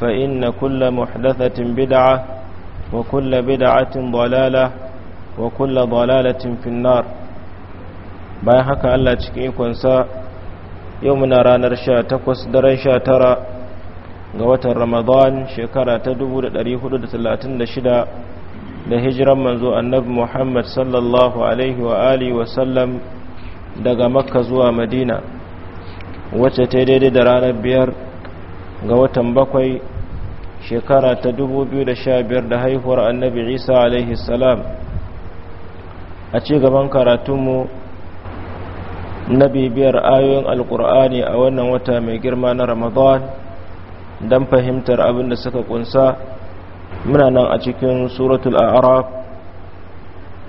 فإن كل محدثة بدعة وكل بدعة ضلالة وكل ضلالة في النار bayan haka Allah cikin ikonsa yau muna ranar 18 daren tara ga watan Ramadan shekara ta 1436 da hijiran manzo annabi Muhammad sallallahu alaihi wa wa sallam daga Makka zuwa Madina wacce ta daidai da ranar biyar ga watan bakwai shekara ta 2015 da haihuwar annabi isa alaihi salam a ci gaban karatunmu na bibiyar ayoyin alkur'ani a wannan wata mai girma na ramadan don fahimtar abin da suka kunsa muna nan a cikin suratul a'raf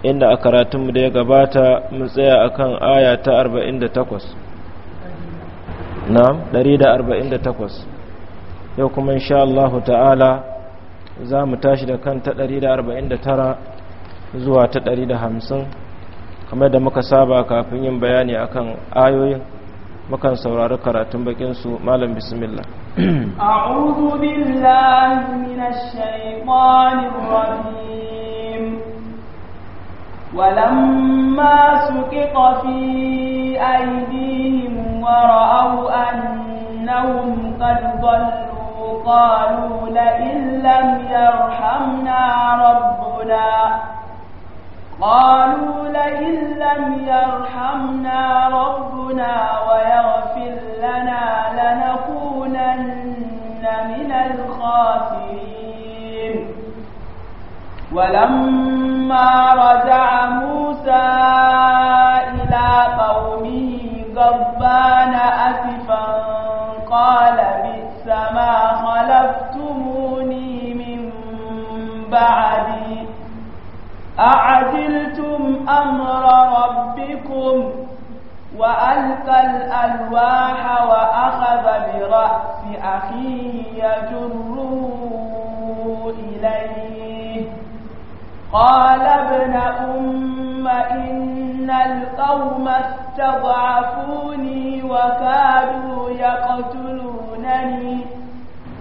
inda a karatunmu da ya gabata mun tsaya a akan aya ta 48 na 148 yau kuma insha Allah ta'ala za mu tashi da kan ta 149 zuwa ta 150 kamar da muka saba kafin yin bayani akan ayoyin mukan saurari karatun bakin su malam bismillah billahi minash من الشيطان walamma suqita fi aydihim wa ra'aw annahum qad dhallu قالوا لئن لم يرحمنا ربنا قالوا لئن لم يرحمنا ربنا ويغفر لنا لنكونن من الخاسرين ولما أمر ربكم وألقى الألواح وأخذ برأس أخيه يجره إليه قال ابن أم إن القوم استضعفوني وكادوا يقتلونني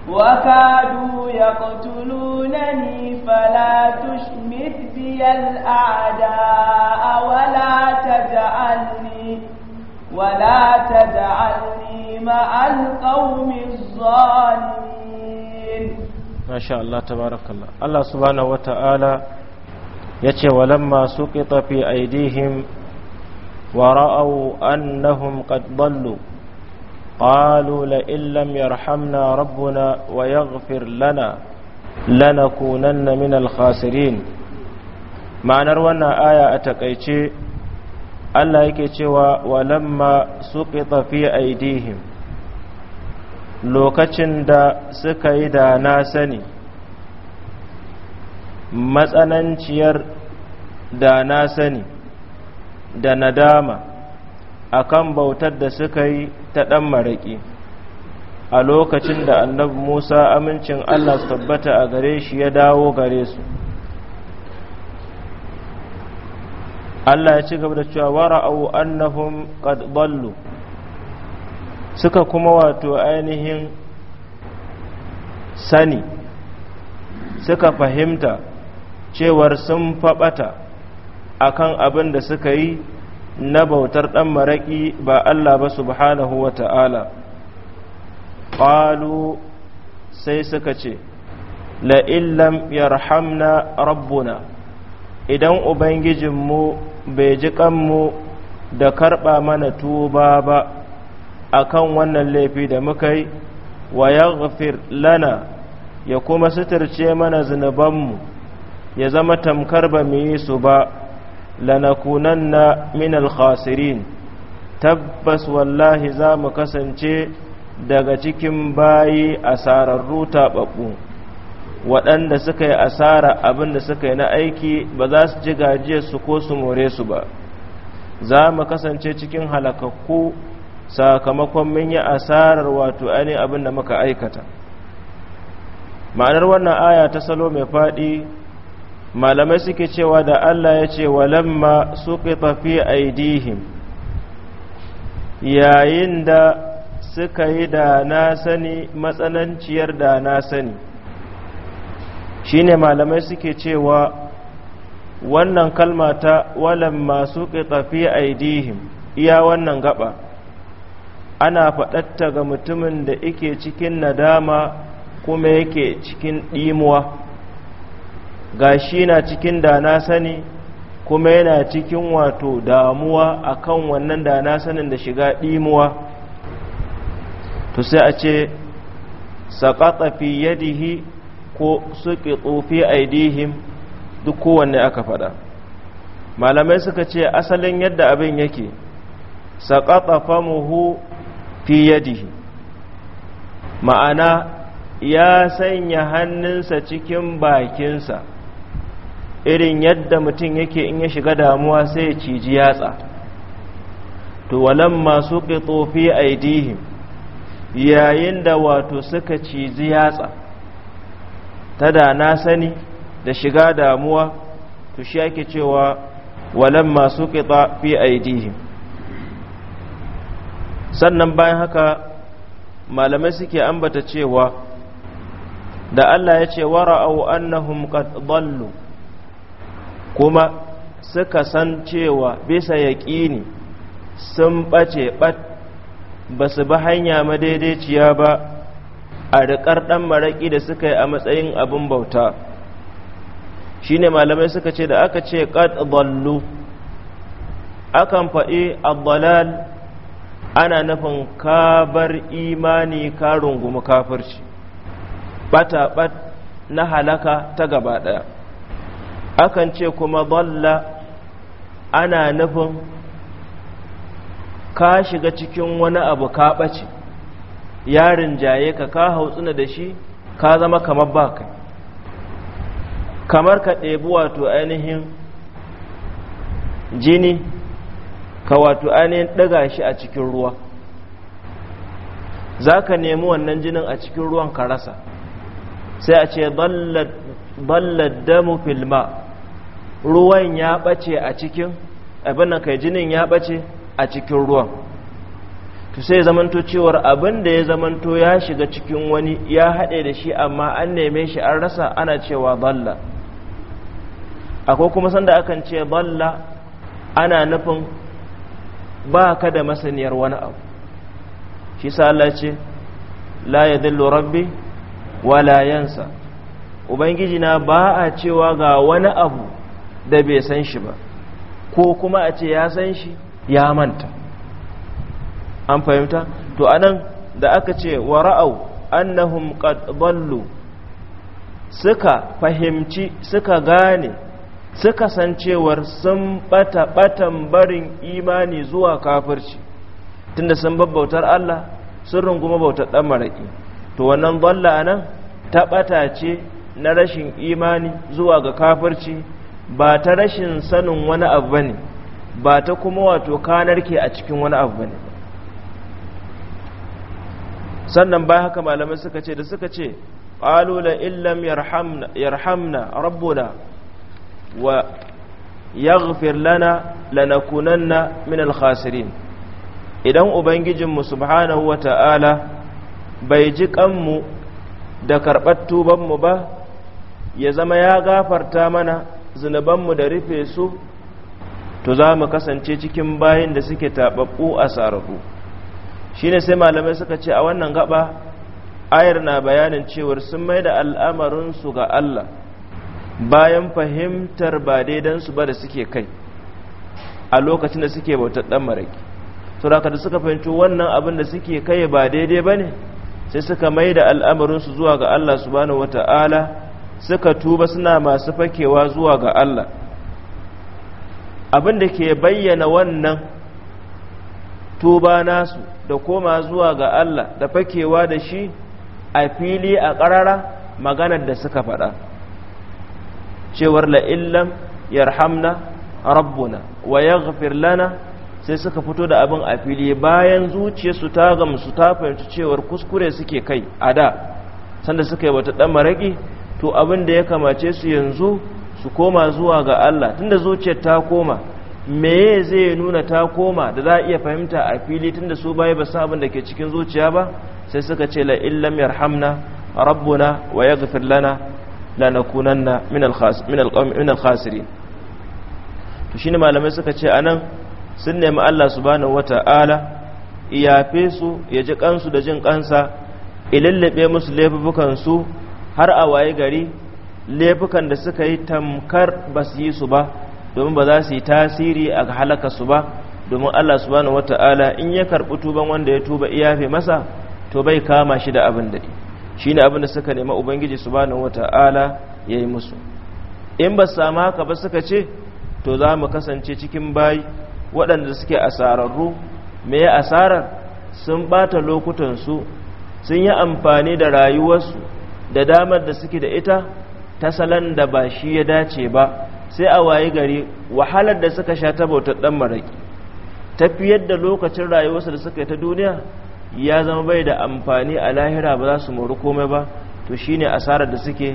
وكادوا يقتلونني فلا تشمت بي الأعداء ولا تجعلني ولا تجعلني مع القوم الظالمين ما شاء الله تبارك الله الله سبحانه وتعالى يتي ولما سقط في أيديهم ورأوا أنهم قد ضلوا قالوا لئن لم يرحمنا ربنا na لنا لنكونن من الخاسرين ma'anar wannan aya a takaice Allah yake cewa walamma suqita fi aidihim lokacin da suka yi da na sani matsananciyar da na sani da nadama akan bautar da suka yi ta ɗan maraƙi a lokacin da annabi musa amincin allah tabbata a gare shi ya dawo gare su allah ya ci gaba da cewa wara'au annahum qad ballu suka kuma wato ainihin sani suka fahimta cewar sun faɓata akan abin da suka yi na bautar ɗan maraƙi ba Allah ba subhanahu wa ta'ala ƙalu sai suka ce la'illam yarhamna rabbuna idan ubangijinmu bai ji kanmu da karɓa mana tuba ba akan wannan laifi da muka yi wa yaghfir lana ya kuma suturce mana zunubanmu ya zama tamkar ba mu yi su ba lanakunanna minal khasirin tabbas wallahi za mu kasance daga cikin bayi asararru taɓaɓɓu waɗanda suka yi asara abin da suka yi na aiki ba za su ji gajiyarsu ko su more su ba za mu kasance cikin halakakku sakamakon mun yi asarar wato ani abin da muka aikata ma'anar wannan aya ta salo mai faɗi malamai suke cewa da Allah ya ce walamma suqita fi aidihim yayin da suka yi da na sani matsananciyar da na sani Shi ne malamai suke cewa wannan kalma ta walamma suqita fi aidihim iya wannan gaba ana faɗatta ga mutumin da ike cikin nadama kuma yake cikin ɗimuwa gashi na cikin da na sani kuma yana cikin wato damuwa akan wannan da na sanin da shiga ɗimuwa to sai a ce saƙaƙa fi yadihi ko suƙi tsofi aidihim duk kowanne aka faɗa malamai suka ce asalin yadda abin yake saƙaƙa famuhu fi yadihi ma'ana ya sanya hannunsa cikin bakinsa irin yadda mutum yake in ya shiga damuwa sai ya ciji yatsa to masu suqitu fi idihim yayin da wato suka ciji yatsa ta da na sani da shiga damuwa to shi ake cewa masu suqita fi idihim sannan bayan haka malamai suke ambata cewa da Allah ya ce wara'au annahum qad dallu kuma suka san cewa bisa yaƙini sun ɓace ɓat ba su bi hanya madaidaiciya ba a riƙar ɗan maraƙi da suka yi a matsayin abin bauta shi ne malamai suka ce da aka ce ƙad ballu akan faɗi abdalal ana nufin kabar imani ka rungumi kafirci ɓata-ɓat na halaka ta gaba ɗaya akan ce kuma dalla ana nufin ka shiga cikin wani abu ka ɓace yarin jaye ka ka hautsuna da shi ka zama kamar ba kai kamar ka ɗebi wato ainihin jini ka wato ainihin ɗaga shi a cikin ruwa za ka nemi wannan jinin a cikin ruwan ka rasa sai a ce ballad damu filma ruwan ya ɓace a cikin abin da kai jinin ya ɓace a cikin ruwan to sai zamanto cewar abin da ya zamanto ya shiga cikin wani ya haɗe da shi amma an neme shi an rasa ana cewa balla akwai kuma sanda akan ce balla ana nufin ba ka da masaniyar wani abu shi sa ce la ya dillo rabbi wala yansa ubangiji na ba a cewa ga wani abu da bai san shi ba ko kuma a ce ya san shi ya manta an fahimta to anan da aka ce wa ra'au annahum qad dallu suka fahimci suka gane suka san cewar sun bata batan barin imani zuwa kafirci tunda sun babbautar Allah sun runguma bautar dan maraki to wannan dalla anan ta bata ce na rashin imani zuwa ga kafirci ba ta rashin sanin wani abu bane ba ta kuma wato kanar ke a cikin wani abu bane sannan ba haka malamai suka ce da suka ce qalu illam yarhamna rabbuna wa na lana lanakunanna min al idan ubangijinmu subhanahu ta'ala bai ji kanmu da karɓar tubanmu ba ya zama ya gafarta mana zunubanmu da rufe su to za mu kasance cikin bayan da suke taɓaɓɓu a saraku shi ne sai malamai suka ce a wannan gaba ayar na bayanin cewar sun mai da al'amarinsu ga Allah bayan fahimtar ba daidansu ba da suke kai a lokacin da suke bautar ɗan maraƙi to da kada suka fahimci wannan abin da suke kai ba daidai ba ne sai suka mai da al'amarinsu zuwa ga Allah subhanahu wata'ala suka tuba suna masu fakewa zuwa ga Allah abinda ke bayyana wannan tuba nasu da koma zuwa ga Allah da fakewa da shi a fili a ƙarara maganar da suka faɗa cewar la'illam yarhamna rabbuna wa yaghfir lana sai suka fito da abin a fili bayan zuciya su ta gamsu ta fahimci cewar kuskure suke kai a da sanda suka yi wata ɗan maraƙi to abin da ya kamace su yanzu su koma zuwa ga Allah tunda zuciyar ta koma meye zai nuna ta koma da za a iya fahimta a fili tunda su baya ba sa abin da ke cikin zuciya ba sai suka ce la illam yarhamna rabbuna wa yaghfir lana lanakunanna min al-khasirin to shine malamai suka ce anan sun nemi Allah subhanahu wata'ala iyafe su ya ji kansu da jin kansa ilallabe musu laifukan su har a waye gari laifukan da suka yi tamkar ba su yi su ba domin ba za su yi tasiri a halaka su ba domin Allah subhanahu wata'ala in ya karbi tuban wanda ya tuba iyafe masa to bai kama shi da abin da shine abin da suka nema ubangiji subhanahu wata'ala ya yi musu in ba sama samu haka ba suka ce to za mu kasance cikin bayi waɗanda suke asararru me ya asarar sun ɓata su sun yi amfani da rayuwarsu da damar da suke da ita ta salon da ba shi ya dace ba sai a waye gari wahalar da suka sha ta bautar dan maraki tafiyar da lokacin rayuwarsa da suka yi ta duniya ya zama bai da amfani a lahira ba za su mori komai ba to shine asarar da suke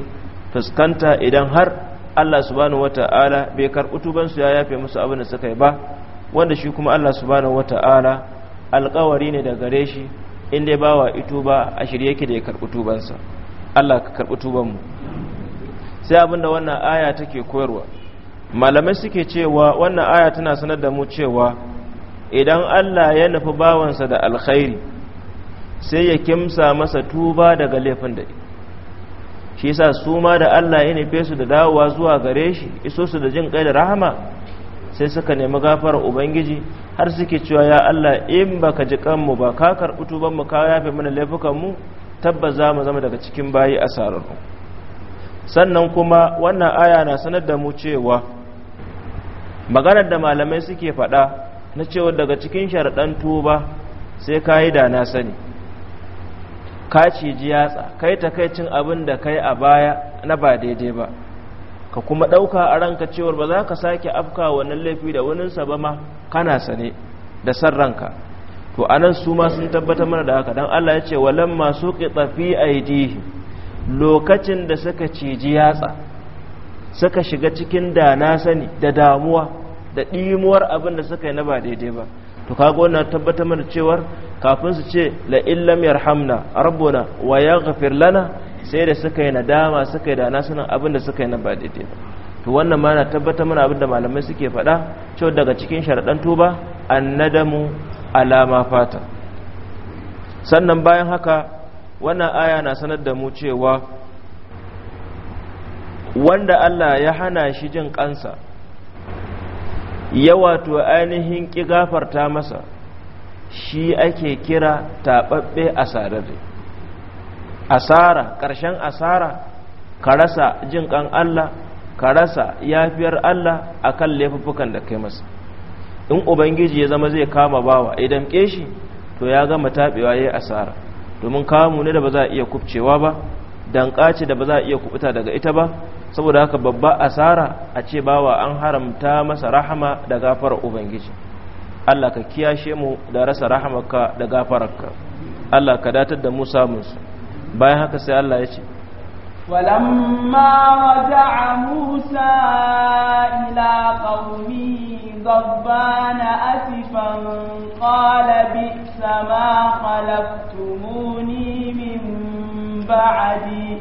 fuskanta idan har Allah subhanahu wata'ala bai karɓi tubansu ya yafe musu abin da suka yi ba wanda shi kuma Allah subhanahu wata'ala alƙawari ne da gare shi in dai bawa ituba a shirye yake da ya karɓi tubansa Allah ka karɓi tubanmu sai abinda wannan aya take koyarwa malamai suke cewa wannan aya tana sanar da mu cewa idan Allah ya nufi bawansa da alkhairi sai ya kimsa masa tuba daga laifin da shi sa su ma da Allah ya nufe su da dawowa zuwa gare shi iso su da jin kai da rahama sai suka nemi gafara ubangiji har suke cewa ya Allah in baka ji kanmu ba ka karɓi tubanmu ka yafe mana laifukanmu tabbas za mu zama daga cikin bayi a sararru sannan kuma wannan aya na sanar da mu cewa maganar da malamai suke faɗa na cewa daga cikin sharaɗan tuba sai ka yi da na sani ka ciji yatsa kai takaicin abin da kai a baya na ba daidai ba ka kuma ɗauka a ranka cewar ba za ka sake afka wannan laifi da waninsa ba ma kana sane da san ranka to anan su ma sun tabbatar mana da haka dan Allah ya ce walam masu qitafi aidihi lokacin da suka ciji yatsa suka shiga cikin da na sani da damuwa da dimuwar abin da suka yi na ba daidai ba to kaga wannan tabbatar mana cewar kafin su ce la illam yarhamna rabbuna wa yaghfir lana sai da suka yi nadama suka yi da na sanin abin da suka yi na ba daidai ba to wannan ma na tabbatar mana abin da malamai suke faɗa cewa daga cikin sharaɗan tuba annadamu alama fata sannan bayan haka wannan aya na sanar da mu cewa wanda Allah ya hana shi jin kansa ya wato ainihin ki gafarta masa shi ake kira taɓaɓɓe asararre asara ƙarshen asara ka rasa jin ƙan Allah ka rasa yafiyar Allah akan laifuffukan da kai masa in ubangiji ya zama zai kama bawa idan keshi to ya gama tabewa yayi asara domin kamu ne da ba za a iya kubcewa ba ƙace da ba za a iya kubuta daga ita ba saboda haka babba asara a ce bawa an haramta masa rahama da gafarar ubangiji Allah ka kiyashe mu da rasa rahamarka da gafararka Allah ka datar da mu samun bayan haka sai Allah ya ce ولما رجع موسى إلى قومه ضبان أسفا قال بئس ما خلفتموني من بعدي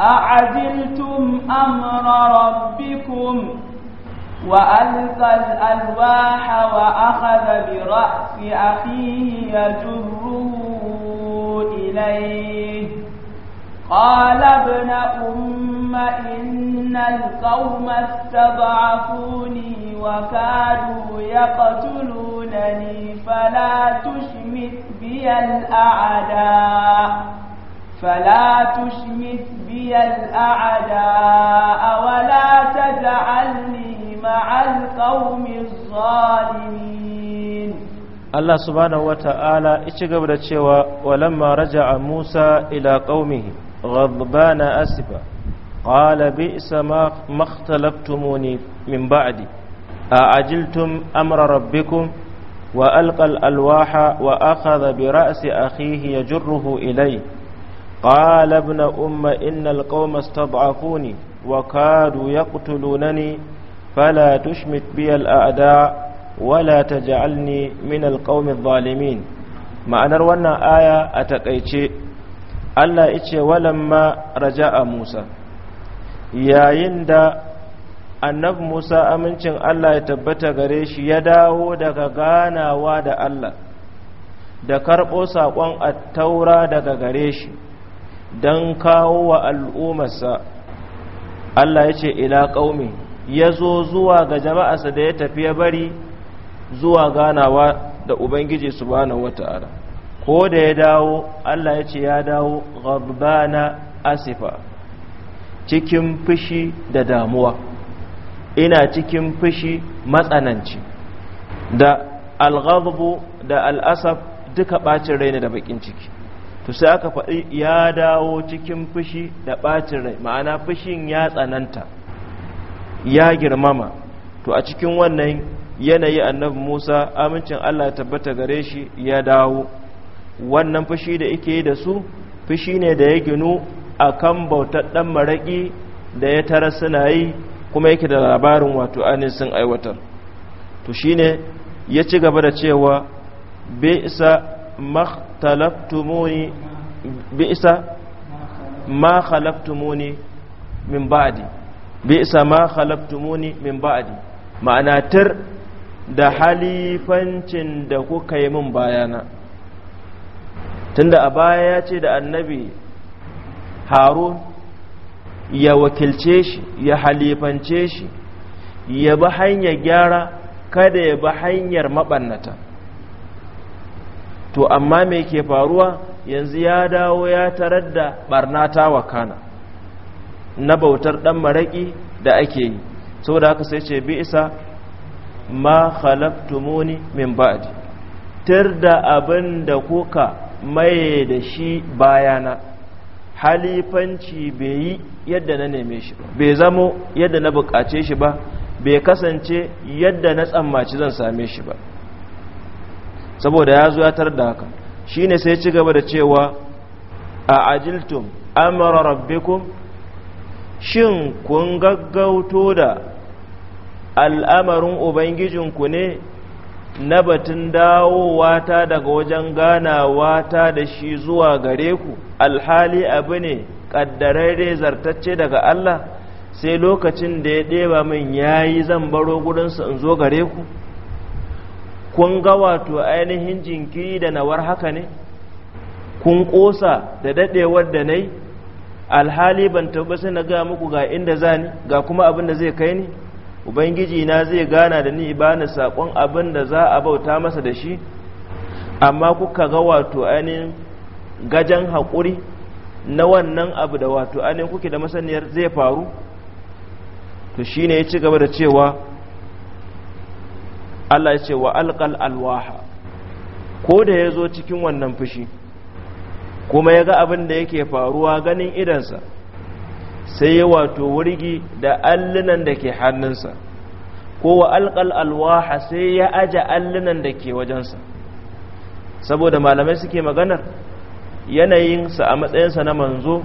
أعجلتم أمر ربكم وألقى الألواح وأخذ برأس أخيه يجره إليه قال ابن أم إن القوم استضعفوني وكادوا يقتلونني فلا تشمت بي الأعداء فلا تشمت بي الأعداء ولا تجعلني مع القوم الظالمين الله سبحانه وتعالى اتشغب da cewa walamma raja'a Musa ila qaumihi غضبان أسفا قال بئس ما اختلفتموني من بعدي أعجلتم أمر ربكم وألقى الألواح وأخذ برأس أخيه يجره إليه قال ابن أم إن القوم استضعفوني وكادوا يقتلونني فلا تشمت بي الأعداء ولا تجعلني من القوم الظالمين ما أنا aya a takaice Allah ya ce walamma a Musa yayin da annab Musa amincin Allah ya tabbata gare shi ya dawo daga ganawa da Allah da karɓo saƙon taura daga gare shi don kawo wa al’umarsa Allah ya ce ila ƙaumi ya zo zuwa ga jama'arsa da ya tafi ya bari zuwa ganawa da Ubangiji subhanahu wata'ala ko da ya dawo Allah ya ce ya dawo ghadbana asifa cikin fushi da damuwa ina cikin fushi matsananci da alghadbu da al'asaf duka bacin raina da bakin ciki to sai aka faɗi ya dawo cikin fushi da bacin rai ma'ana fushin ya tsananta ya girmama to a cikin wannan yanayi annabi Musa amincin Allah ya tabbata gare shi ya dawo wannan fushi da yake da su fushi ne da ya ginu kan bautar ɗan maraƙi da ya tara suna yi kuma yake da labarin wato anin sun aiwatar to shi ne ya ci gaba da cewa bi isa ma khalaqtumuni min Bi isa ma khalaqtumuni min ba'adi ma'ana tir da halifancin da kuka yi min bayana tunda a baya ya ce da annabi harun ya wakilce shi ya halifance shi ya bi hanyar gyara kada ya bi hanyar maɓannata to amma mai ke faruwa yanzu ya dawo ya tarar da ɓarnata wa kana na bautar ɗan maraƙi da ake yi saboda haka sai ce bi isa ma khalaftumuni min ba'di tir da abin da kuka mai da shi bayana halifanci bai yi yadda na neme shi bai zamo yadda na bukace shi ba bai kasance yadda na tsammaci zan same shi ba saboda ya zo da haka Shi ne sai ci gaba da cewa a ajiltum amara rabbikum shin kun gaggauto da al'amarin ubangijinku ne na batun dawowa ta daga wajen ganawa ta da shi zuwa gare ku alhali abu ne ƙaddararre zartacce daga Allah sai lokacin da ya ɗeba min yayi zan baro gudunsa in zo gare ku kun ga wato ainihin jinkiri da nawar haka ne kun ƙosa da daɗewar da na yi alhali ban tabbasa na gaya muku ga inda za ni ga kuma abin da zai kai ni ubangiji na zai gana da ni bani sakon abin da za a bauta masa da shi amma kuka ga wato ainihin gajan haƙuri na wannan abu da wato ainihin kuke da masaniyar zai faru to shi ne ya ci gaba da cewa Allah ya ce wa alƙal alwaha ko da ya zo cikin wannan fushi kuma ya ga abin da yake faruwa ganin idansa sai ya wato wurgi da allunan da ke hannunsa ko wa alƙal alwaha sai ya aje allunan da ke wajensa saboda malamai suke maganar yanayinsa a matsayinsa na manzo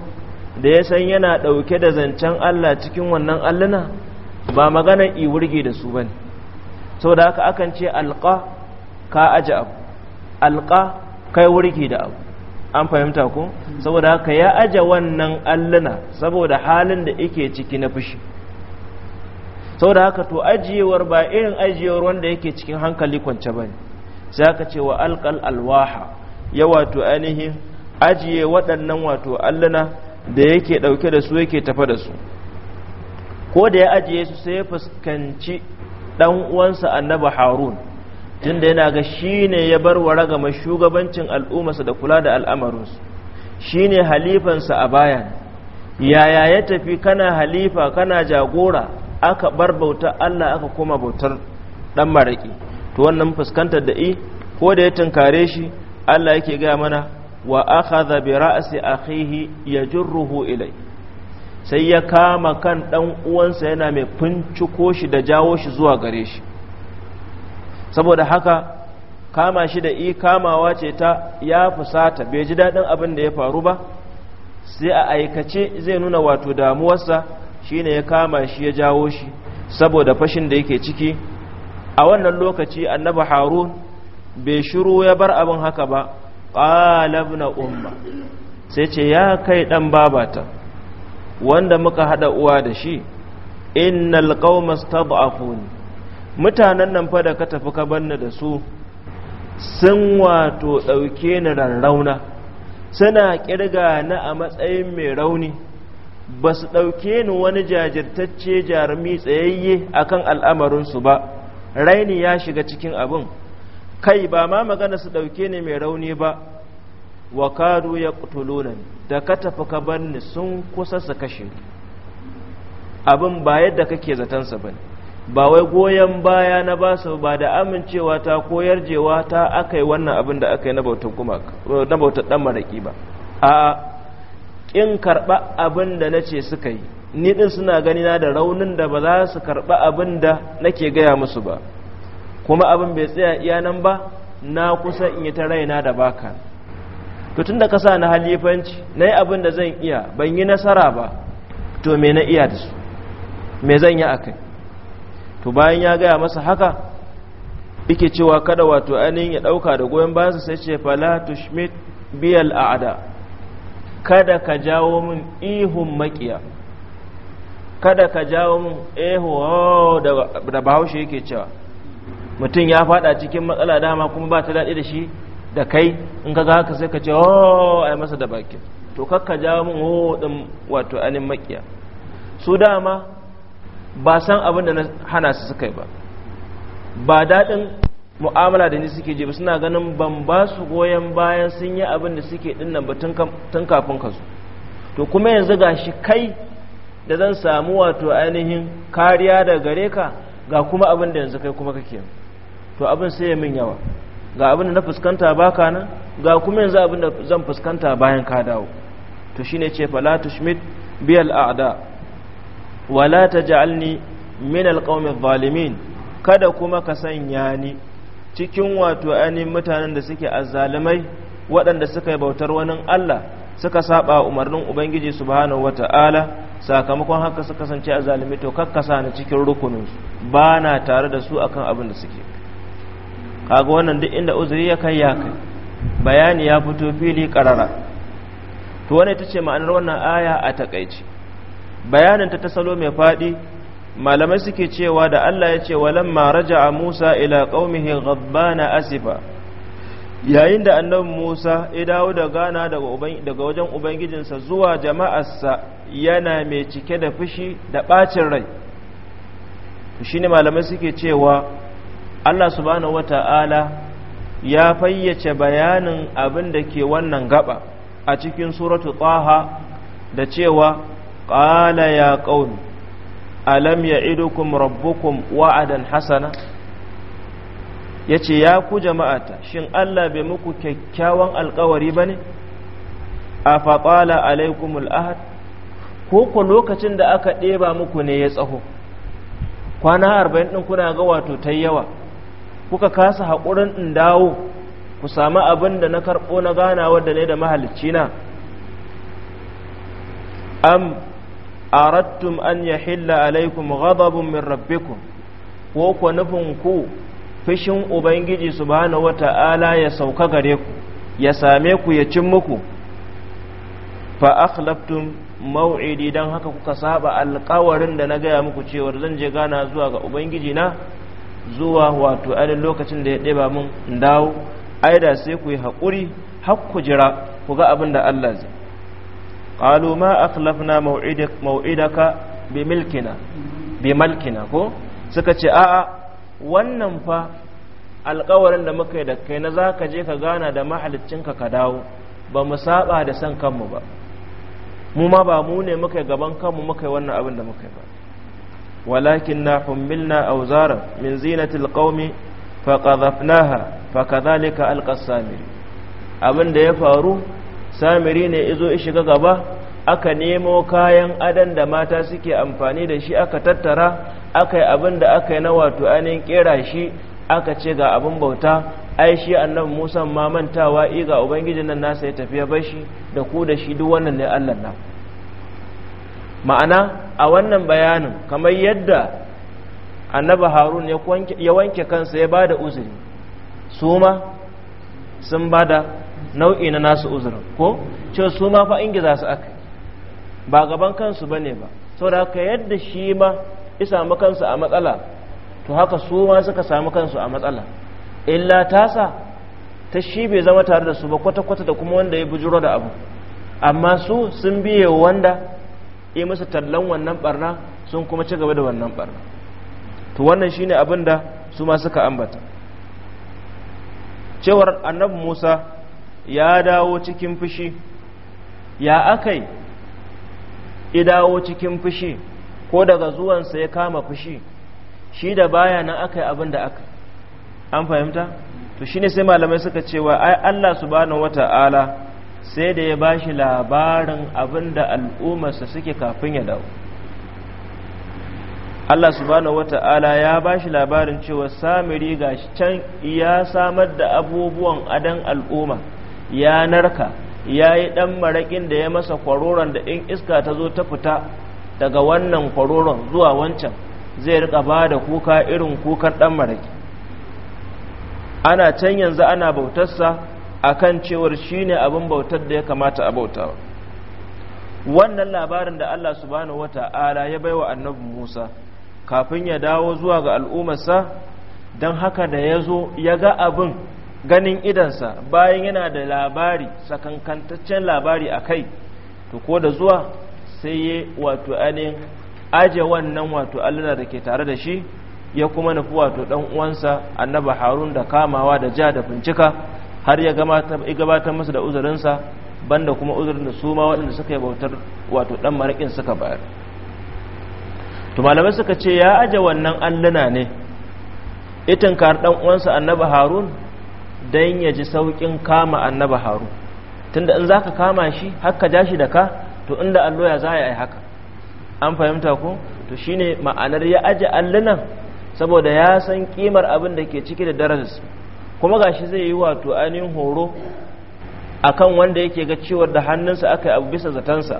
da ya san yana ɗauke da zancen Allah cikin wannan alluna ba maganar iwurge da su ba ne saboda haka akan ce alƙa ka aje abu alƙa kai wurgi da abu an fahimta ko saboda haka ya aje wannan alluna saboda halin da yake ciki na fushi saboda haka to ajiyewar ba irin ajiyewar wanda yake cikin hankali kwance bane sai aka ce wa alqal alwaha ya wato ainihin ajiye waɗannan wato alluna da yake ɗauke da su yake tafa da su ko da ya ajiye su sai ya fuskanci ɗan uwansa annabi harun tun da yana ga shi ne ya bar wa ragama shugabancin al'ummarsa da kula da al'amarinsu shine halifansa a bayan yaya ya tafi kana halifa kana jagora aka bar bautar Allah aka koma bautar dan maraƙi to wannan fuskantar da i ko da ya tunkare shi Allah yake gaya mana wa aka a khihi ya jin ruhu ilai sai ya kama kan dan uwansa yana mai finciko shi da jawo shi zuwa gare shi saboda haka kama shi da ikamawa ce ta ya fusata bai ji daɗin abin da ya faru ba sai a aikace zai nuna wato damuwarsa shine ya kama shi ya jawo shi saboda fashin da yake ciki a wannan lokaci annaba harun bai shiru ya bar abin haka ba ƙalab na umma sai ce ya kai ɗan babata wanda muka haɗa uwa da shi innal qauma mutanen nan fa da ka tafi ka banna da su sun wato ɗauke ni rarrauna suna ƙirga ni a matsayin mai rauni ba su ɗauke ni wani jajirtacce jarumi tsayayye a kan al'amarinsu ba raini ya shiga cikin abin kai ba ma magana su ɗauke ni mai rauni ba wa kadu ya ƙutulunan da ka tafi ka banni sun kusa su kashe abin ba yadda kake zatansa ba ne ba wai goyon baya na ba su ba da amincewa ta koyar jewa ta aka yi wannan abin da aka yi na bautar ɗan maraƙi ba a ƙin karɓa abin da na ce suka yi ni ɗin suna na da raunin da ba za su karɓa abin da nake gaya musu ba kuma abin bai tsaya iya nan ba na kusa in yi ta raina da baka to tun da ka sa na halifanci na yi abin da zan iya ban yi nasara ba to me na iya da su me zan yi a kai to bayan ya gaya masa haka ike cewa kada wato ainihin ya ɗauka da goyon bayansa sai ce fala schmidt biyal a'ada kada ka jawo min ihun makiya kada ka jawo min eho da bahaushe yake cewa mutum ya fada cikin matsala dama kuma ba ta daɗi da shi da kai in ka ga haka sai ka ce oh ai masa da bakin to kakka jawo min wato ainihin makiya su dama ba san abin da na hana su suka ba ba daɗin mu'amala da ni suke je ba suna ganin ban ba su goyon bayan sun yi abin da suke dinnan ba tun kafin ka to kuma yanzu ga shi kai da zan samu wato ainihin kariya da gare ka ga kuma abin da yanzu kai kuma kake to abin sai ya min yawa ga abin da na fuskanta baka nan ga kuma yanzu abin da zan fuskanta bayan ka dawo to shine ce fala tushmit biyal a'da wala ta ja'alni min alqawmi zalimin kada kuma ka sanya ni cikin wato ani mutanen da suke azzalumai waɗanda suka bautar wani Allah suka saba umarnin Ubangiji subhanahu wata'ala sakamakon haka suka kasance azzalumi to kakkasa ni cikin rukunin ba na tare da su akan abin da suke kaga wannan duk inda uzuri ya kai ya kai bayani ya fito fili karara to wannan ita ce ma'anar wannan aya a takaici bayanin ta salo mai faɗi malamai suke cewa da Allah ya ce walan maraja a Musa ila qaumihi ghabbana asifa yayin da annabi Musa ya dawo da gana daga wajen ubangijinsa zuwa jama'arsa yana mai cike da fushi da bacin rai shine malamai suke cewa Allah subhanahu wata'ala ya fayyace bayanin abin da ke wannan gaba a cikin suratu taha da cewa qala ya qaumi alam ya'idukum rabbukum wa'adan hasana yace ya ku jama'ata shin Allah bai muku kyakkyawan alkawari bane afa qala alaikumul ahad ko ku lokacin da aka ɗeba muku ne ya tsaho kwana 40 din kuna ga wato ta yawa kuka kasa haƙurin in dawo ku samu abin da na karɓo na ganawa da ne da mahalicci na am arattum an yahilla alaikum ghadabun min rabbikum ko ku nufin ku fishin ubangiji subhanahu wata'ala ya sauka gare ku ya same ku ya cin muku fa akhlaftum mau'idi dan haka kuka saba alƙawarin da na gaya muku cewa zan je gana zuwa ga ubangiji na zuwa wato a lokacin da ya ɗeba mun dawo aida sai ku yi haƙuri har ku jira ku ga abin da Allah zai qalu ma akhlafna maw'idak maw'idaka bi milkina bi ko suka ce a'a wannan fa alƙawarin da muka yi da kai na zaka je ka gana da mahaliccinka ka ka dawo ba mu saba da san kanmu ba mu ma ba mu ne muka gaban kanmu muka yi wannan abin da muka yi ba walakin na hummilna auzara min zinatil qaumi fa qadhafnaha fa kadhalika alqasami abin da ya faru samiri ne izo shiga gaba aka nemo kayan adan da mata suke amfani da shi aka tattara aka yi abin da aka yi na wato ainihin kera shi aka ce ga abin bauta ai shi annabi Musa ma mantawa i ga ubangijin nan nasa ya tafiya bashi da ku da shi duk wannan ne Allah na ma'ana a wannan bayanin kamar yadda annabi Harun ya wanke kansa ya bada uzuri su ma sun bada nau'i na nasu uzurin ko ce su ma fa ingiza su aka ba gaban kansu ba ne ba saboda haka yadda shi ma ya kansu a matsala to haka su ma suka samu kansu a matsala illa tasa ta shi bai zama tare da su ba kwata-kwata da kuma wanda ya bujuro da abu amma su sun biye wanda ya musu tallan wannan barna sun kuma ci gaba da wannan barna to wannan shine abin da su ma suka ambata cewar annabi musa ya dawo cikin fushi ya akai idawo cikin fushi ko daga zuwansa ya kama fushi shi da baya nan akai abin da aka an fahimta to shine sai malamai suka cewa ai Allah subhanahu wata'ala sai da ya bashi labarin abin da al'ummarsa suke kafin ya dawo Allah subhanahu wata'ala ya bashi labarin cewa samiri gashi can ya samar da abubuwan adan al'umma ya narka ya yi ɗan maraƙin da ya masa kwaroron da in iska ta zo ta fita daga wannan kwaroron zuwa wancan zai rika ba da kuka irin kukan ɗan maraƙi ana can yanzu ana bautarsa kan cewar shi ne abin bautar da ya kamata a bautawa wannan labarin da Allah subhanahu wata'ala ya baiwa annabi Musa kafin ya dawo zuwa ga al'ummarsa don haka da ya zo ya ga abin ganin idansa bayan yana da labari sakankantaccen labari a kai to ko da zuwa sai ya wato ainihin aje wannan wato alluna da ke tare da shi ya kuma nufi wato dan uwansa annaba harun da kamawa da ja da bincika har ya gabatar masa da uzurinsa banda kuma uzurin da su ma waɗanda suka yi bautar wato dan maraƙin suka bayar to malamai suka ce ya aje wannan alluna ne itin kar dan uwansa annaba harun Dan ya ji sauƙin kama annaba haru tunda in za ka kama shi haka ja shi da ka to inda allo ya za a yi haka an fahimta ko to shine ma'anar ya aji allunan saboda ya san ƙimar abin da ke ciki da darajarsa kuma gashi zai yi wato ainihin horo akan wanda yake ga cewar da hannunsa aka yi abu bisa zatansa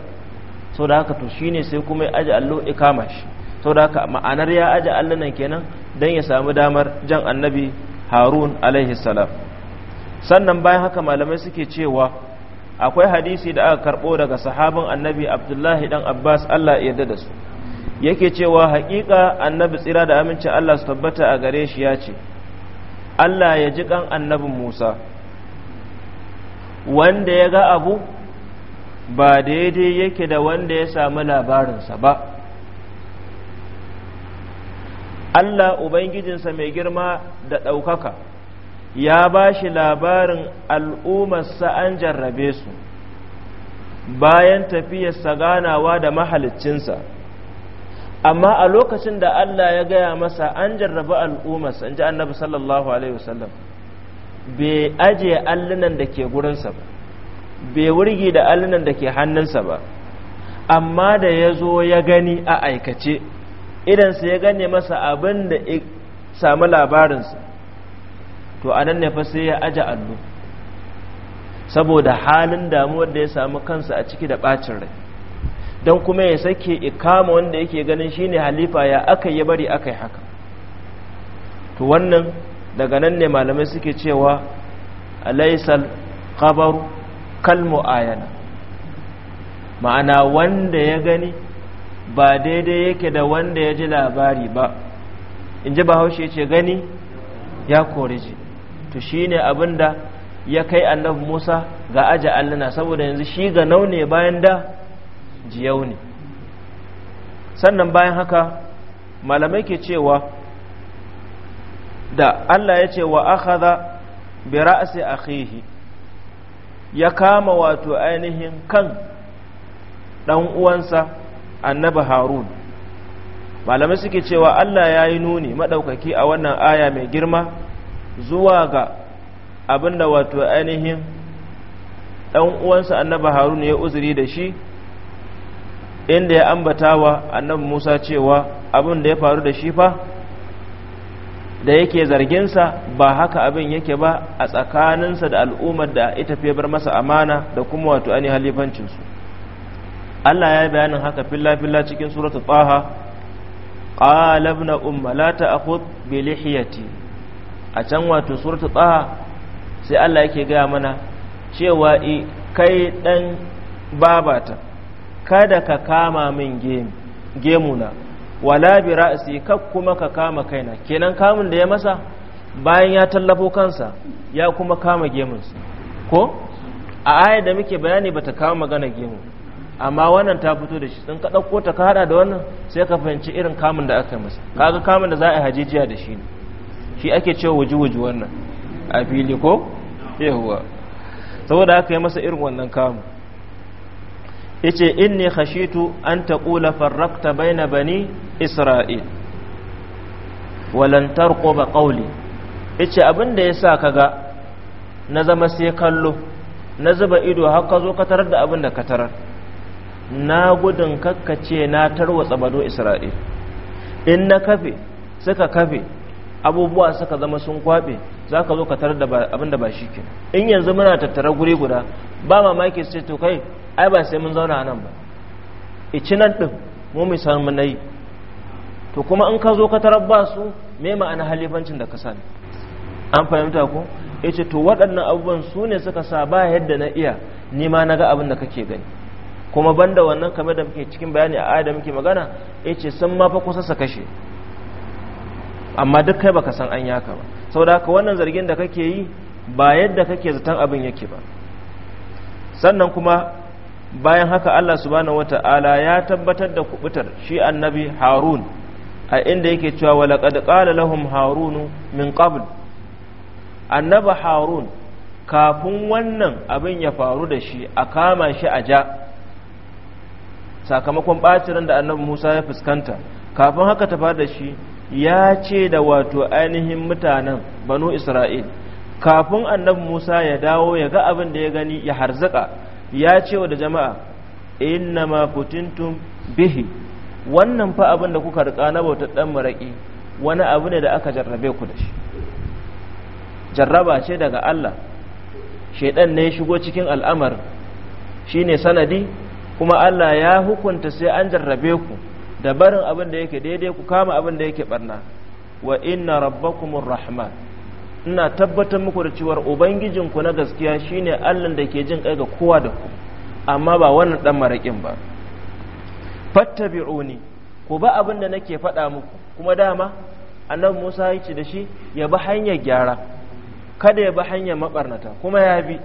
sau da haka to shine sai kuma ya aji allo ya kama shi sau da haka ma'anar ya aji allunan kenan dan ya samu damar jan annabi harun alaihi salam sannan bayan haka malamai suke cewa akwai hadisi da aka karbo daga sahabin annabi abdullahi dan abbas allah yarda da su yake cewa haƙiƙa annabi tsira da aminci allah su tabbata a gare shi ya ce allah ya ji kan annabin musa wanda ya ga abu ba daidai yake da wanda ya samu labarinsa ba allah ubangijinsa mai girma da ɗaukaka ya ba shi labarin al'ummarsa an jarrabe su bayan tafiyarsa ganawa da mahaliccinsa amma a lokacin da Allah ya gaya masa an jarrabe al'ummarsa in ji annabi sallallahu alaihi wasallam bai ajiye allunan da ke gurinsa ba bai wurgi da allunan da ke hannunsa ba amma da ya zo ya gani a aikace idansa ya gane masa abin da samu labarinsa to a nan ne fa sai ya aja allo saboda halin damuwar da ya samu kansa a ciki da bacin rai don kuma ya sake ikama wanda yake ganin shine halifa ya aka yi bari aka yi haka to wannan daga nan ne malamai suke cewa alaisal kabar kalmu ayana ma'ana wanda ya gani ba daidai yake da wanda ya ji labari ba in ji bahaushe ce gani ya kori ji to ne abin da ya kai annabi Musa ga aji alluna saboda yanzu shi ga naune bayan da jiyau ne sannan bayan haka malamai ke cewa da Allah ya ce wa akhadha bi ra'si akhihi ya kama wato ainihin kan ɗan uwansa annabi Harun malamai suke cewa Allah ya yi nuni maɗaukaki a wannan aya mai girma zuwa ga abin da wato ainihin ɗan uwansa annaba harun ya uzuri da shi inda ya ambata wa annabi musa cewa abin da ya faru da shi fa da yake zarginsa ba haka abin yake ba a tsakaninsa da al'ummar da ita fiye masa amana da kuma wato ainihin halifancinsu Allah ya bayani haka filla-filla cikin suratul taha qala ibn umma la ta'khudh bi lihiyati a can wato suratu tsaha sai Allah yake gaya mana cewa kai ɗan babata kada ka kama min gemuna wala bi ra'si kak kuma ka kama kaina kenan kamun da ya masa bayan ya tallafo kansa ya kuma kama gemunsa ko a ayar da muke bayani bata kama magana gemu amma wannan ta fito da shi sun ka ɗauko ta ka hada da wannan sai ka fahimci irin kamun da aka yi masa kaga kamun da za a yi hajijiya da shi ne shi ake cewa wuji-wuji wannan a fili ko yahuwa saboda aka yi masa irin wannan kamu in ne hashitu an taƙula farrakta bai baina bani isra'il walantar ko ba tarquba qawli ce abinda ka ga na zama sai kallo na zuba ido haka ka zo ka tarar da abinda da ka tarar na gudun ce na tarwatsa bado isra'il in na kafe suka kafe abubuwa suka zama sun kwabe za ka zo ka tarar da abin da ba shi ke in yanzu muna tattara guri guda ba mamaki sai to kai ai ba sai mun zauna a nan ba ici nan ɗin mu mai samun na to kuma in ka zo ka tarar ba su me ma'ana halifancin da ka sani an fahimta ko ya ce to waɗannan abubuwan su ne suka sa ba yadda na iya ma na ga abin da kake gani kuma banda wannan kamar da muke cikin bayani a aya da muke magana ya ce sun ma fa kusa sa kashe amma duk kai baka san an yaka ba saboda haka wannan zargin da kake yi ba yadda kake zaton abin yake ba sannan kuma bayan haka Allah subhanahu wata'ala ya tabbatar da kubutar shi annabi Harun a inda yake cewa walaqad qala lahum harunu min qabl annabi Harun kafin wannan abin ya faru da shi a kama shi a ja sakamakon ɓacin da annabi Musa ya fuskanta kafin haka ta faru da shi ya ce da wato ainihin mutanen banu isra'il kafin annabi musa ya dawo ya ga abin da ya gani ya harzaka ya ce wa da jama'a inna ma kutintum bihi wannan fa abin da kuka rika na bautar dan maraki wani abu ne da aka jarrabe ku da shi jarraba ce daga Allah shaidan ne shigo cikin al'amar shine sanadi kuma Allah ya hukunta sai an jarrabe ku da barin abin da yake daidai ku kama abin da yake barna wa inna rabbakumur rahman ina tabbatar muku da cewa ubangijinku na gaskiya shine Allah da ke jin kai ga kowa da ku amma ba wannan dan marakin ba fattabi'uni ku ba abin da nake faɗa muku kuma dama annabi Musa ya ce da shi ya bi hanyar gyara kada ya bi hanyar mabarnata kuma ya bi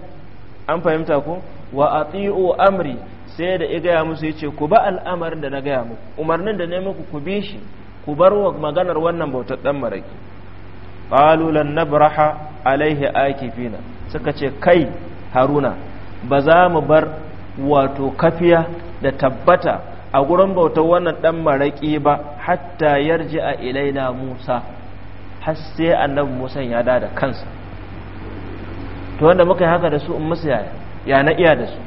an fahimta ko wa ati'u amri sai da ya gaya musu ya ce ku ba al'amarin da na gaya muku umarnin da ne muku ku bi shi ku bar wa maganar wannan bautar dan maraki qalu lan nabraha alaihi akifina suka ce kai haruna ba za mu bar wato kafiya da tabbata a gurin bautar wannan dan maraki ba hatta yarji a ilaina musa har sai annabi musa ya dada kansa to wanda muka yi haka da su in musu yaya ya na iya da su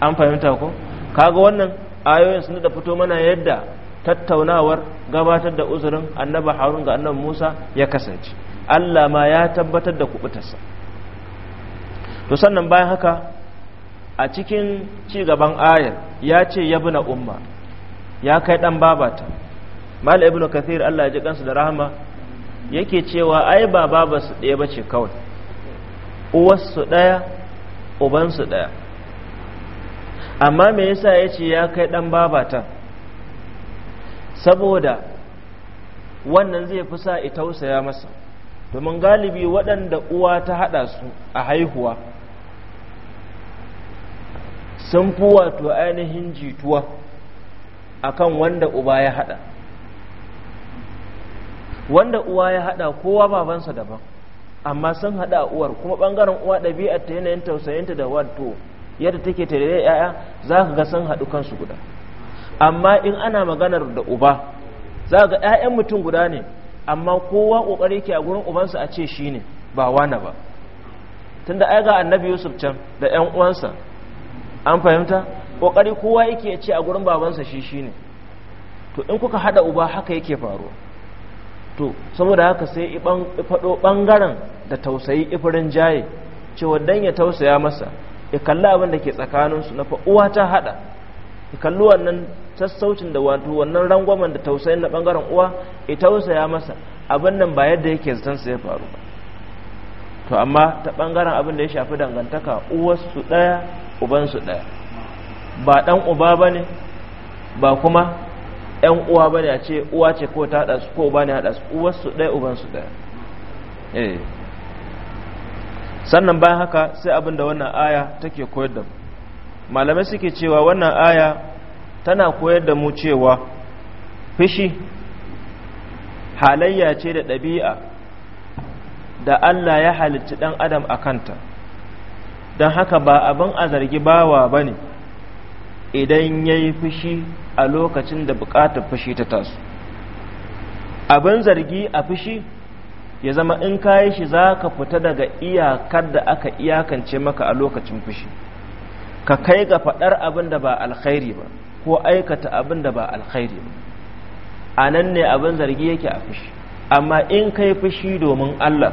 an fahimta ko kaga wannan ayoyin sun da fito mana yadda tattaunawar gabatar da uzurin annaba harun ga annabi musa ya kasance allah ma ya tabbatar da kubutarsa to sannan bayan haka a cikin ci gaban ayar ya ce yabna umma ya kai dan babata mal ibnu kathir allah ya ji kansu da rahama yake cewa ai ba babarsu ɗaya bace kawai uwarsu ɗaya ubansu ɗaya amma me yasa ya ce ya kai dan babata saboda wannan zai fi sa ita tausaya masa domin galibi waɗanda uwa ta haɗa su a haihuwa sun fi wato ainihin jituwa akan wanda uba ya haɗa wanda uwa ya haɗa kowa babansa daban amma sun a uwar kuma ɓangaren uwa ɗabi'ar ta yanayin tausayinta da wato yadda take tare da yaya za ka ga sun haɗu kansu guda amma in ana maganar da uba za ga 'ya'yan mutum guda ne amma kowa ƙoƙari ke a gurin ubansa a ce shi ne ba wani ba tunda ai ga annabi yusuf can da 'yan uwansa an fahimta ƙoƙari kowa yake ce a gurin babansa shi shi ne to in kuka haɗa uba haka yake faruwa to saboda haka sai faɗo ɓangaren da tausayi ifirin jaye cewa dan ya tausaya masa ya kalli abin da ke tsakaninsu na uwa ta haɗa ya kalli wannan sassaucin da wato wannan rangwamen da tausayin na ɓangaren uwa ya tausaya masa abin nan ba yadda yake su ya faru ba to amma ta ɓangaren abin da ya shafi dangantaka uwarsu ɗaya ubansu ɗaya ba ɗan uba ba ne ba kuma ‘yan uwa ba ne a ce uwa ce ko ta haɗa su ko ba ne haɗa su uwarsu ɗaya ubansu ɗaya eh. sannan bayan haka sai abin da wannan aya take koyar da mu malamai suke cewa wannan aya tana koyar da mu cewa fishi halayya ce da ɗabi'a da Allah ya halicci ɗan adam a kanta don haka ba abin a zargi bawa ba ne idan ya yi fushi a lokacin da buƙatar fushi ta taso abin zargi a fushi ya zama in kayi shi za ka fita daga iyakar da aka iyakance maka a lokacin fushi ka kai ga faɗar abin da ba alkhairi ba ko aikata abin da ba alkhairi ba a nan ne abin zargi yake a fushi amma in kai fushi domin Allah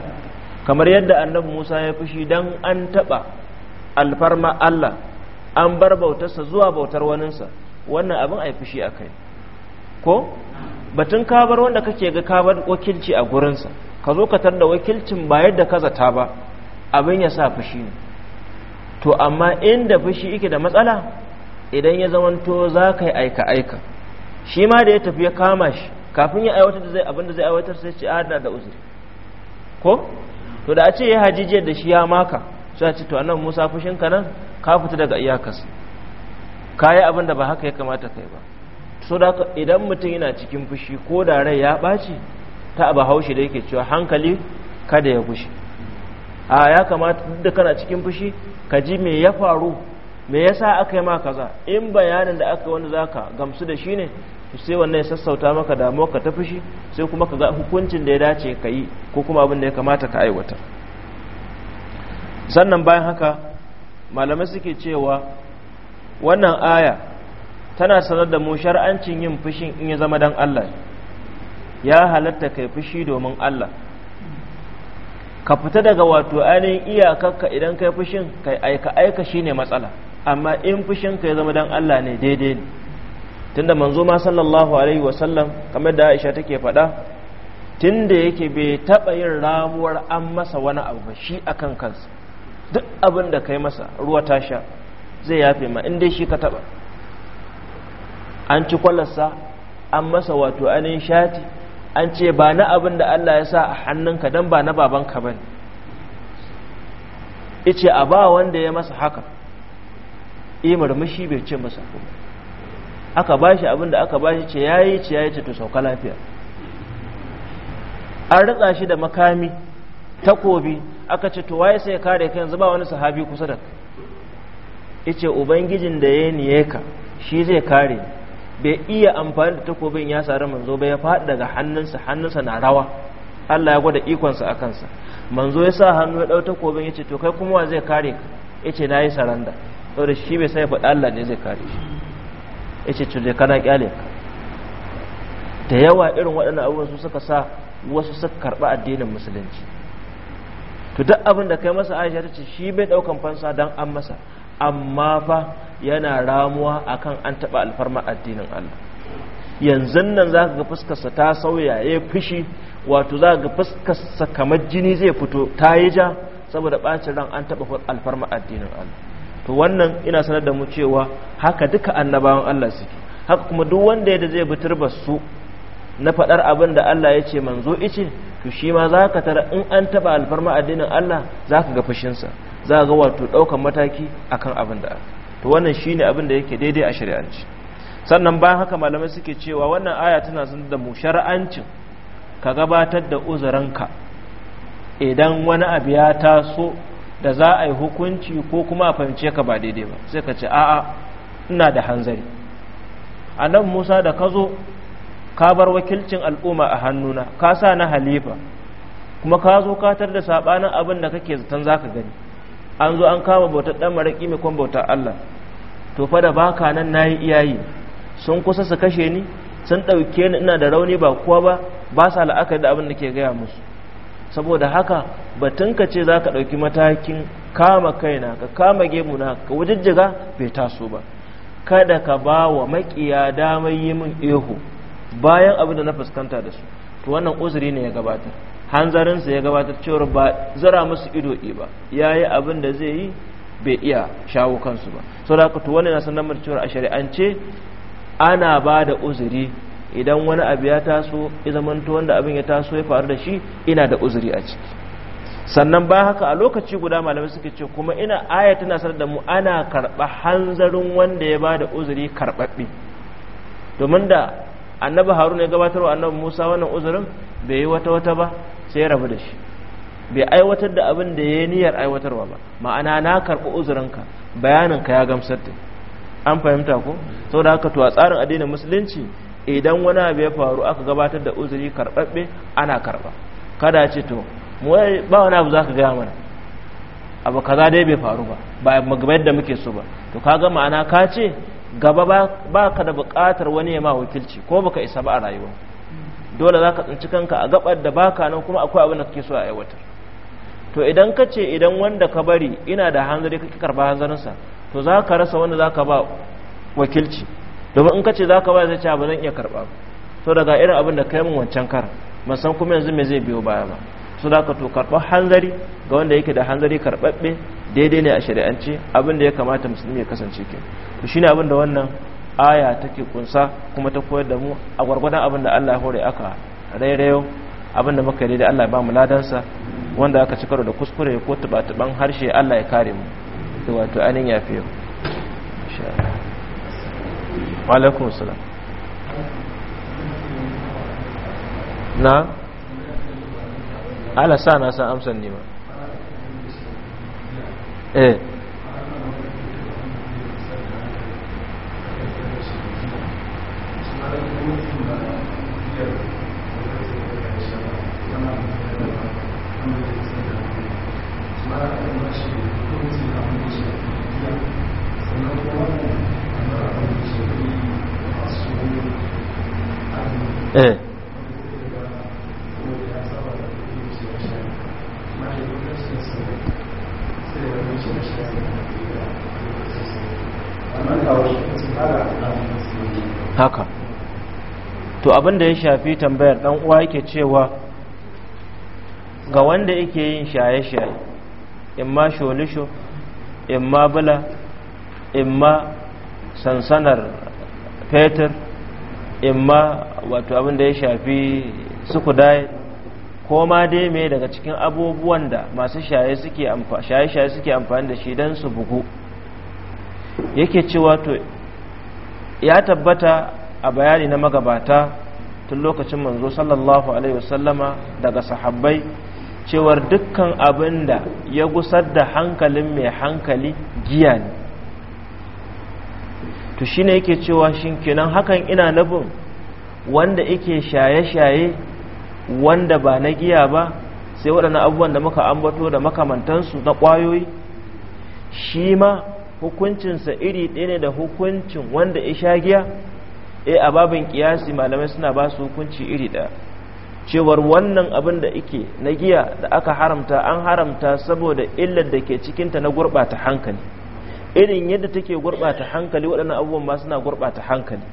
kamar yadda annabi Musa ya fushi don an taɓa alfarma Allah an bar bautarsa zuwa bautar waninsa wannan abin a yi fushi a kai ko batun kabar wanda kake ga kabar wakilci a gurinsa ka zo ka tarda wakilcin ba yadda ka zata ba abin ya sa fushi ne to amma inda fushi yake da matsala idan ya zamanto za ka yi aika-aika shi ma da ya tafi ya kama shi kafin ya aiwatar da zai abin da zai aiwatar sai ce adana ah, da uzuri ko to da a ce ya hajijiyar da shi ya maka sai ce to annan musa fushin ka nan ka fita daga iyakas ka yi abin da ba haka ya kamata kai ba so da idan mutum yana cikin fushi ko da rai ya ɓaci ta bahaushe da yake cewa hankali kada ya gushi a ya kamata da kana cikin fushi ka ji me ya faru me yasa aka yi ma kaza in bayanin da aka wanda zaka gamsu da shi ne sai wannan ya sassauta maka damuwa ka ta fushi sai kuma ka ga hukuncin da ya dace ka yi ko kuma abin da ya kamata ka aiwatar sannan bayan haka malamai suke cewa wannan aya tana sanar da mu shar'ancin yin fushin in ya zama dan Allah ya halatta kai fushi domin Allah ka fita daga wato ainihin iyakarka idan kai fushin kai aika aika shine matsala amma in fushin kai ya zama dan Allah ne daidai ne tunda manzo ma sallallahu alaihi wasallam kamar da Aisha take faɗa tunda yake bai taɓa yin ramuwar an masa wani abu ba shi akan kansa duk abin da kai masa ruwa ta sha zai yafe ma in dai shi ka taɓa an ci kwalarsa an masa wato ainihin shati an ce ba na abin da Allah ya sa a hannunka don ba na babanka ba ne ce a ba wanda ya masa haka murmushi bai ce masa kuma aka ba shi abin da aka ba shi ce ya yi ce ya yi ce to sauka lafiya an ritsa shi da makami takobi aka ce to waye sai kare ka yanzu wani sahabi kusa da ka ice ubangijin da ya yi ka shi zai kare bai iya amfani da takobin ya sare manzo ba ya faɗi daga hannunsa hannunsa na rawa Allah ya gwada ikonsa a kansa manzo ya sa hannu ya ɗau takobin ya ce to kai kuma wa zai kare ka ya ce na yi saranda saboda shi bai sai faɗi Allah ne zai kare shi ya ce to kana kyale ka da yawa irin waɗannan abubuwan su suka sa wasu suka karɓi addinin musulunci to duk abin da kai masa aisha ta ce shi bai ɗaukan fansa don an masa amma fa yana ramuwa akan an taɓa alfarma addinin Allah yanzu nan za ga fuskarsa ta sauya ya fushi wato za ga fuskarsa kamar jini zai fito ta yi ja saboda ɓacin ran an taɓa alfarma addinin Allah to wannan ina sanar da mu cewa haka duka annabawan Allah suke haka kuma duk wanda ya da zai bi su na faɗar abin da Allah ya ce manzo ice to shi ma za ka tara in an taɓa alfarma addinin Allah za ka ga fushinsa za ga wato ɗaukan mataki akan abin da to wannan shine abin da yake daidai a shari'anci sannan bayan haka malamai suke cewa wannan aya tana sanar da mu shari'ancin ka gabatar da uzuranka idan wani abu ya taso da za a yi hukunci ko kuma a fahimce ka ba daidai ba sai ka ce a'a ina da hanzari a musa da ka zo ka bar wakilcin al'umma a hannuna ka sa na halifa kuma ka zo ka tar da sabanin abin da kake zaton zaka gani an zo an kama bautar dan maraki mai kwan bautar Allah to fa da baka nan nayi iyayi sun kusa su kashe ni sun ɗauke ni ina da rauni ba kuwa ba ba sa la'akari da abin da ke gaya musu saboda haka batun ka ce za ka ɗauki matakin kama kaina ka kama gemu na ka wujijjiga bai taso ba kada ka ba wa maƙiya damar yi min ihu bayan abin da na fuskanta da su to wannan uzuri ne ya gabata. hanzarinsa ya gabatar cewar ba zara musu ido ba ya yi abin da zai yi bai iya shawo kansu ba sau da kutu wani na sanar cewar a shari'ance ana ba da uzuri idan wani abu ya taso ya zamanto wanda abin ya taso ya faru da shi ina da uzuri a ciki sannan ba haka a lokaci guda malamai suke ce kuma ina aya tana sanar da mu ana karɓa hanzarin wanda ya ba da uzuri karɓaɓɓe domin da annabi haruna ya gabatar wa annabi musa wannan uzurin bai yi wata wata ba sai ya rabu da shi bai aiwatar da abin da ya yi niyyar aiwatarwa ba ma'ana na karɓi uzurinka ka ya gamsar da an fahimta ko sau da haka tuwa tsarin addinin musulunci idan wani abu ya faru aka gabatar da uzuri karɓaɓɓe ana karɓa kada ce to ba wani abu za ka gaya mana abu kaza dai bai faru ba ba yadda muke so ba to kaga ma'ana ka ce gaba ba ka da buƙatar wani ya ma wakilci ko baka isa ba a rayuwa dole za ka tsinci kanka a gabar da baka nan kuma akwai abin da kake so a aiwatar to idan ka ce idan wanda ka bari ina da hanzari kake karba hanzarinsa to za ka rasa wanda za ka ba wakilci domin in ka ce za ka ba zai ce ba zan iya karba to daga irin abin da kai min wancan kar ban san kuma yanzu me zai biyo baya ba so da ka to karba hanzari ga wanda yake da hanzari karɓaɓɓe daidai ne a shari'ance abinda ya kamata musulmi ya kasance ke to shine abinda wannan aya take kunsa kuma ta koyar da mu a gwargwadon abin da Allah ya hore aka rairayo abin da muka daidai Allah ba mu ladansa wanda aka ci karo da kuskure ko tuba harshe Allah ya kare mu da wato anin ya fiye salam na ala sa na san amsan nima. eh eh haka to abin da ya shafi tambayar dan uwa yake cewa ga wanda yake yin shaye-shaye imma sholisho imma bula imma sansanar fetur imma wato abin da ya shafi daya ko ma dai mai daga cikin abubuwan da masu shaye-shaye suke amfani da shi don su bugu yake cewa to ya tabbata a bayani na magabata tun lokacin manzo sallallahu alaihi wasallama daga sahabbai cewar dukkan abin da ya gusar da hankalin mai hankali giya ne to shine yake cewa shin kenan hakan ina nabin wanda yake shaye-shaye wanda ba na giya ba sai waɗannan abubuwan da muka ambato da makamantansu na kwayoyi shi ma hukuncinsa iri ɗaya ne da hukuncin wanda ya sha giya eh, a babin kiyasi malamai suna ba su hukunci iri ɗaya cewar wannan abin da ike na giya da aka haramta an haramta saboda illar da ke cikinta na gurɓata hankali irin yadda take gurɓata hankali waɗannan abubuwan ma suna gurɓata hankali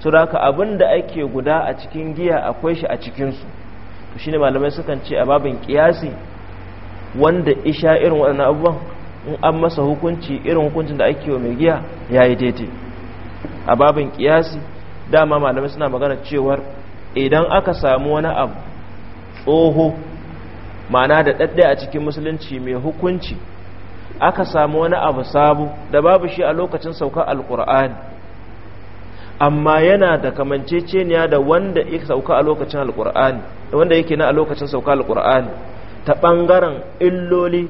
su da haka abin da ake guda a cikin giya akwai shi a cikinsu to shi ne malamai sukan ce a babin kiyasi wanda isha irin waɗannan abubuwan in an masa hukunci irin hukuncin da ake wa mai giya ya yi daidai a babin kiyasi dama malamai suna magana cewar idan aka samu wani abu tsoho ma'ana da ɗaɗɗe a cikin musulunci mai hukunci aka samu wani abu sabu da babu shi a lokacin saukar alkur'ani amma yana da kamanceceniya da wanda ya sauka a lokacin alkur'ani da wanda yake na a lokacin sauka alkur'ani ta ɓangaren illoli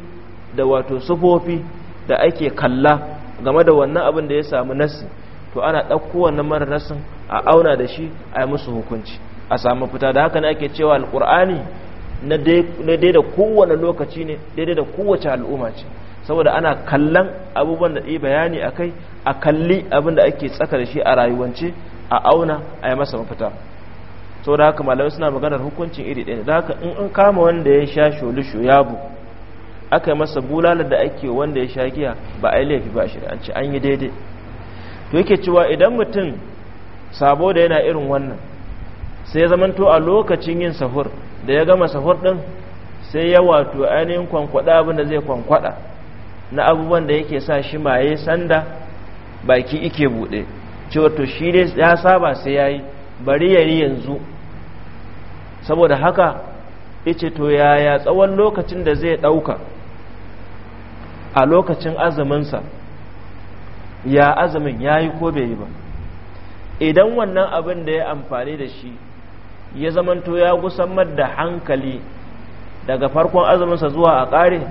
da wato sufofi da ake kalla game da wannan abin da ya samu nasi to ana ɗauko wannan mara nassin a auna da shi a yi musu hukunci a samu fita da haka ne ake cewa alkur'ani na dai da kowane lokaci ne daidai da kowace al'umma ce saboda ana kallon abubuwan da ɗaya bayani a kai a kalli abin da ake tsaka da shi a rayuwance a auna a yi masa mafita saboda haka malamai suna maganar hukuncin iri ɗaya da haka in an kama wanda ya sha sholi shoyabu aka yi masa bulalar da ake wanda ya sha giya ba a yi laifi ba shi an ce an yi daidai to yake cewa idan mutum sabo da yana irin wannan sai ya zamanto a lokacin yin sahur da ya gama sahur din sai ya wato ainihin kwankwada abin da zai kwankwada na abubuwan da yake sa shi maye sanda baki ike bude cewa to shi ne ya saba sai ya yi bari ya yanzu saboda haka ice to yaya tsawon lokacin da zai ɗauka a lokacin azuminsa ya azumin ya yi ko bai yi ba idan wannan abin da ya amfani da shi ya zamanto ya gusammar da hankali daga farkon azuminsa zuwa a ƙare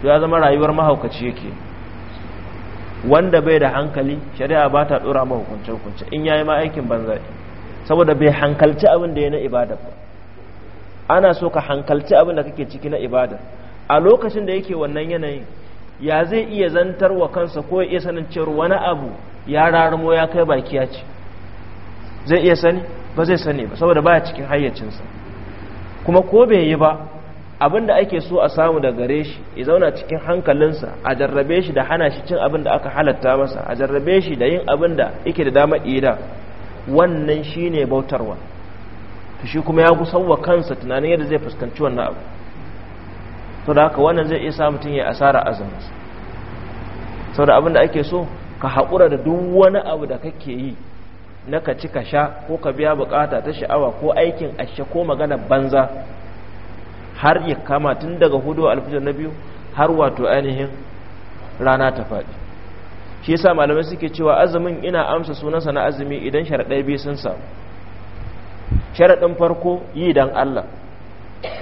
to ya zama rayuwar mahaukaci yake wanda bai da hankali shari'a ba ta ɗora mahukunce-hukunce in ya yi ma aikin banza saboda bai hankalci abin da ya na ibada ba ana so ka hankalci abin da kake ciki na ibada a lokacin da yake wannan yanayin ya zai iya zantar wa kansa ko ya iya sanin cewa wani abu ya raramo ya kai baki ya ce zai iya sani ba zai sani ba saboda baya cikin hayyacinsa kuma ko bai yi ba abin da ake so a samu da gare shi ya zauna cikin hankalinsa a jarrabe shi da hana shi cin abin da aka halatta masa a jarrabe shi da yin abin da yake da dama ida wannan shine bautarwa shi kuma ya wa kansa tunanin yadda zai fuskanci wannan abu to da haka wannan zai iya sa mutum ya asara azumin sau da abin da ake so ka haƙura da duk wani abu da kake yi na ka ci ka sha ko ka biya bukata ta sha'awa ko aikin ashe ko magana banza har ya kama tun daga hudu alfijar na biyu har wato ainihin rana ta faɗi shi yasa malamai suke cewa azumin ina amsa sunansa na azumi idan sharaɗai biyu sun samu sharaɗin farko yi dan Allah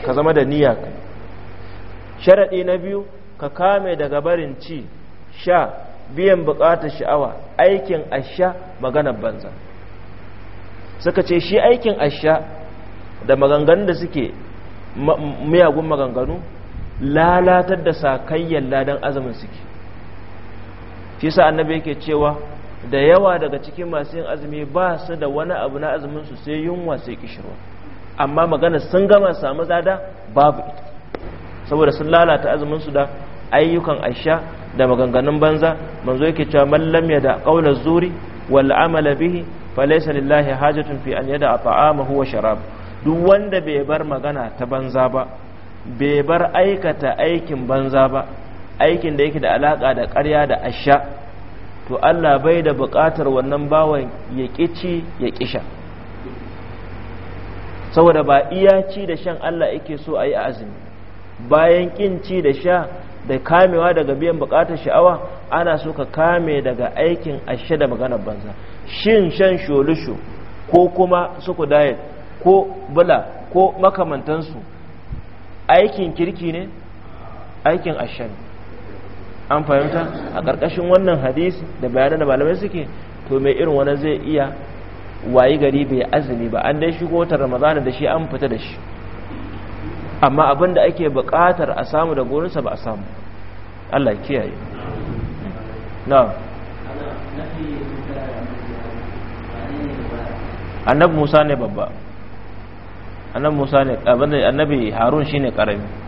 ka zama da niyya sharaɗi na biyu ka kame daga barin ci sha biyan buƙatar sha'awa aikin asha maganar banza suka ce shi aikin asha da maganganun da suke miyagun maganganu lalatar da sakayyar ladan azumin suke shi sa annabi yake cewa da yawa daga cikin masu yin azumi ba su da wani abu na azumin su sai yunwa sai kishirwa amma maganar sun gama samu zada babu ita saboda sun lalata azumin su da ayyukan asha da maganganun banza manzo yake cewa man lam yada qawla zuri wal amala bihi laysa lillahi hajatun fi an yada ta'amahu wa sharab duk wanda bai bar magana ta banza ba bai bar aikata aikin banza ba aikin da yake da alaka da ƙarya da asha to Allah bai da buƙatar wannan bawan ya kici ya kisha saboda ba iyaci da shan Allah yake so a yi azumi bayan kinci da sha da kamewa daga biyan bukatar sha'awa ana so ka kame daga aikin ashe da maganar banza shin shan sholisho ko kuma suku diet ko bula ko makamantansu aikin kirki ne aikin ashe ne. an fahimta a ƙarƙashin wannan hadisi da bayanan da malamai suke to mai irin wani zai iya wayi gari bai azumi ba an dai shigo watan ramadana da shi an fita da shi amma abin da ake buƙatar a samu da gurinsa ba a samu Allah kiyaye na annabi musa ne babba annabi musa ne abin da annabi harun shine karami